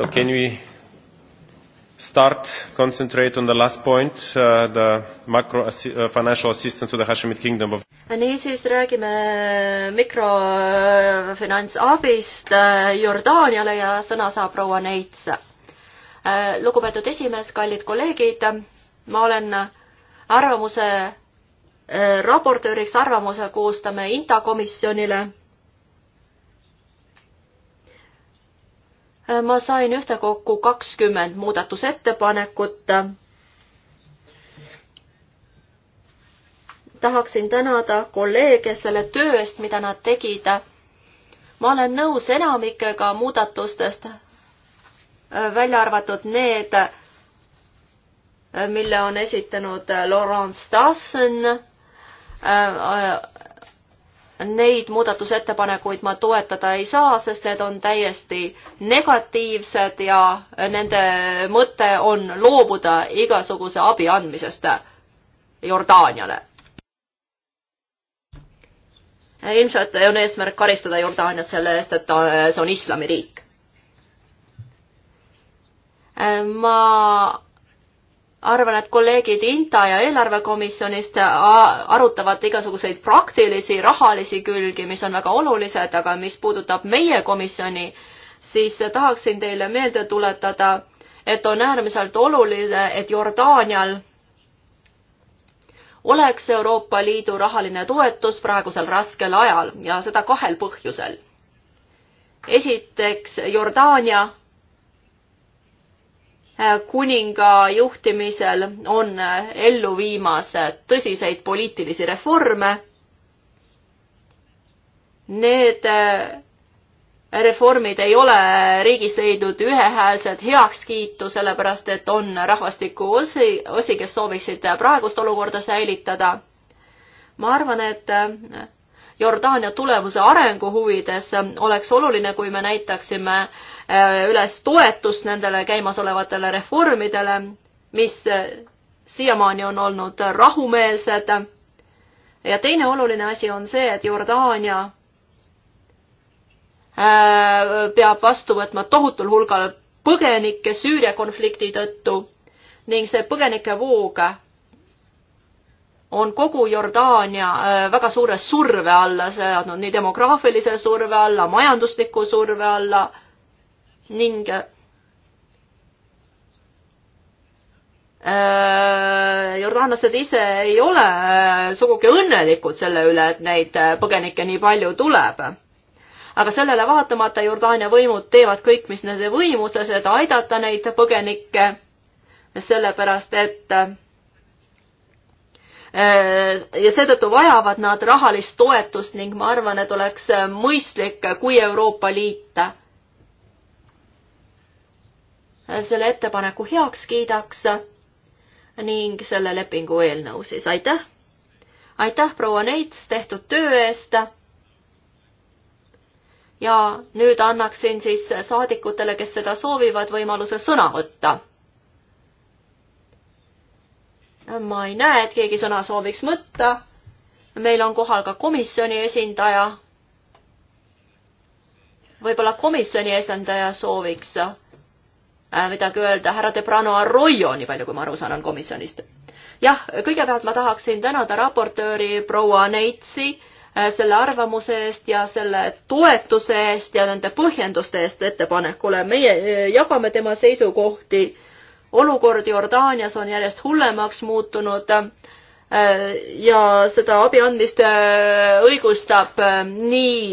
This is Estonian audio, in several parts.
So can we start, concentrate on the last point uh,, the macro assi uh, financial assistance to the Hashemid kingdom of. niisiis räägime äh, mikrofinantsabist äh, äh, Jordaaniale ja sõna saab proua Neits. lugupeetud esimees, kallid kolleegid, ma olen arvamuse raportööriks, arvamuse koostame Inta komisjonile ma sain ühtekokku kakskümmend muudatusettepanekut. tahaksin tänada kolleege selle töö eest, mida nad tegid. ma olen nõus enamikega muudatustest, välja arvatud need, mille on esitanud Laurent Stassen Neid muudatusettepanekuid ma toetada ei saa, sest need on täiesti negatiivsed ja nende mõte on loobuda igasuguse abi andmisest Jordaaniale. ilmselt on eesmärk karistada Jordaaniat selle eest, et ta, see on islamiriik. ma arvan, et kolleegid INTA ja eelarvekomisjonist äh, arutavad igasuguseid praktilisi, rahalisi külgi, mis on väga olulised, aga mis puudutab meie komisjoni, siis tahaksin teile meelde tuletada, et on äärmiselt oluline, et Jordaanial oleks Euroopa Liidu rahaline toetus praegusel raskel ajal ja seda kahel põhjusel. esiteks, Jordaania Äh, kuninga juhtimisel on äh, ellu viimas äh, tõsiseid poliitilisi reforme. Need reformid ei ole riigis leidnud ühehäälset heakskiitu, sellepärast et on rahvastiku osi, osi, kes sooviksid praegust olukorda säilitada. ma arvan, et Jordaania tulevuse arengu huvides, oleks oluline, kui me näitaksime äh, üles toetust nendele käimasolevatele reformidele, mis äh, siiamaani on olnud rahumeelsed. ja teine oluline asi on see, et Jordaania äh, peab vastu võtma tohutul hulgal põgenikke Süüria konflikti tõttu ning see põgenike voog on kogu Jordaania äh, väga suure surve alla seadnud, nii demograafilise surve alla, majandusliku surve alla ning äh, jordaanlased ise ei ole äh, sugugi õnnelikud selle üle, et neid põgenikke nii palju tuleb. aga sellele vaatamata Jordaania võimud teevad kõik, mis nende võimuses, et aidata neid põgenikke, sellepärast et Äh, ja seetõttu vajavad nad rahalist toetust ning ma arvan, et oleks äh, mõistlik, kui Euroopa Liit äh, selle ettepaneku heaks kiidaks ning selle lepingu eelnõu siis, aitäh! aitäh, proua Neits, tehtud töö eest! ja nüüd annaksin siis saadikutele, kes seda soovivad, võimaluse sõna võtta ma ei näe, et keegi sõna sooviks võtta. meil on kohal ka komisjoni esindaja. võib-olla komisjoni esindaja sooviks äh, midagi öelda, härra Debrano Arroyo, nii palju kui ma aru saan, on komisjonist. jah, kõigepealt ma tahaksin tänada raportööri proua Neitsi äh, selle arvamuse eest ja selle toetuse eest ja nende põhjenduste eest ettepanekule. meie äh, jagame tema seisukohti äh, olukord Jordaanias on järjest hullemaks muutunud äh, ja seda abi andmist äh, õigustab äh, nii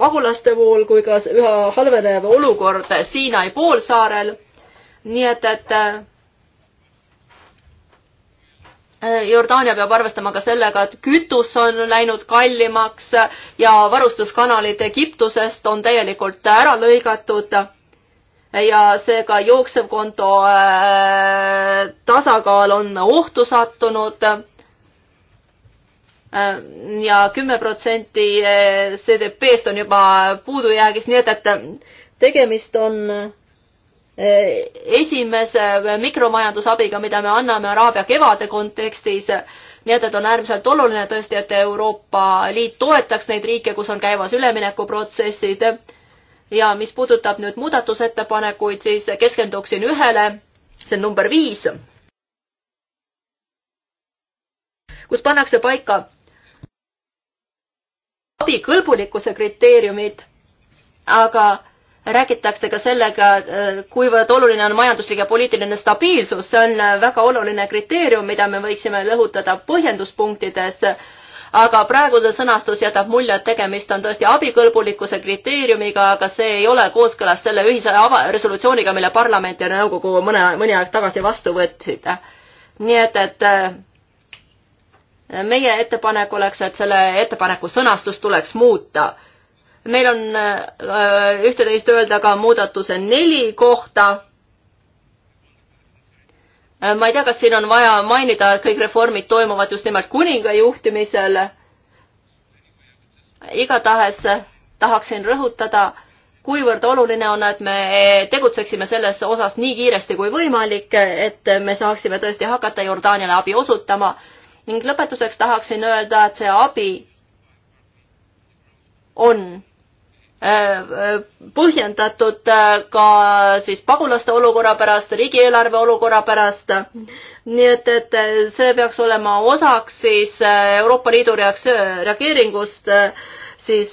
pagulaste vool kui ka üha halvenev olukord Siinai poolsaarel. nii et, et Jordaania peab arvestama ka sellega, et kütus on läinud kallimaks ja varustuskanalid Egiptusest on täielikult ära lõigatud ja seega jooksev konto äh, tasakaal on ohtu sattunud äh, ja kümme protsenti äh, CDP-st on juba puudujäägis, nii et, et tegemist on esimese mikromajandusabiga, mida me anname Araabia kevade kontekstis. nii et, et on äärmiselt oluline tõesti, et Euroopa Liit toetaks neid riike, kus on käimas üleminekuprotsessid ja mis puudutab nüüd muudatusettepanekuid, siis keskenduksin ühele, see on number viis, kus pannakse paika abikõlbulikkuse kriteeriumid, aga räägitakse ka sellega, kuivõrd oluline on majanduslik ja poliitiline stabiilsus, see on väga oluline kriteerium, mida me võiksime lõhutada põhjenduspunktides aga praegune sõnastus jätab mulje, et tegemist on tõesti abikõlbulikkuse kriteeriumiga, aga see ei ole kooskõlas selle ühise resolutsiooniga, mille parlament ja nõukogu mõne, mõni aeg tagasi vastu võtsid. nii et, et äh, meie ettepanek oleks, et selle ettepaneku sõnastust tuleks muuta. meil on äh, üht-teist öelda ka muudatuse neli kohta Äh, ma ei tea, kas siin on vaja mainida, et kõik reformid toimuvad just nimelt kuninga juhtimisel. igatahes tahaksin rõhutada, kuivõrd oluline on, et me tegutseksime selles osas nii kiiresti kui võimalik, et me saaksime tõesti hakata Jordaaniale abi osutama ning lõpetuseks tahaksin öelda, et see abi on Äh, äh, põhjendatud äh, ka siis pagulaste olukorra pärast, riigieelarve olukorra pärast. nii et, et see peaks olema osaks siis Euroopa Liidu reageeringust siis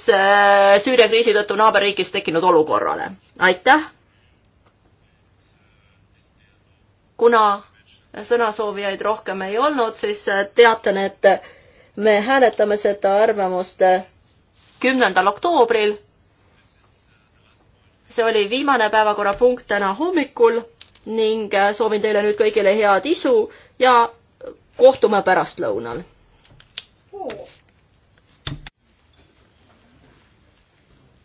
Süüria kriisi tõttu naaberriigis tekkinud olukorrale. aitäh. kuna sõnasoovijaid rohkem ei olnud, siis teatan, et me hääletame seda arvamust kümnendal oktoobril see oli viimane päevakorrapunkt täna hommikul ning soovin teile nüüd kõigile head isu ja kohtume pärastlõunal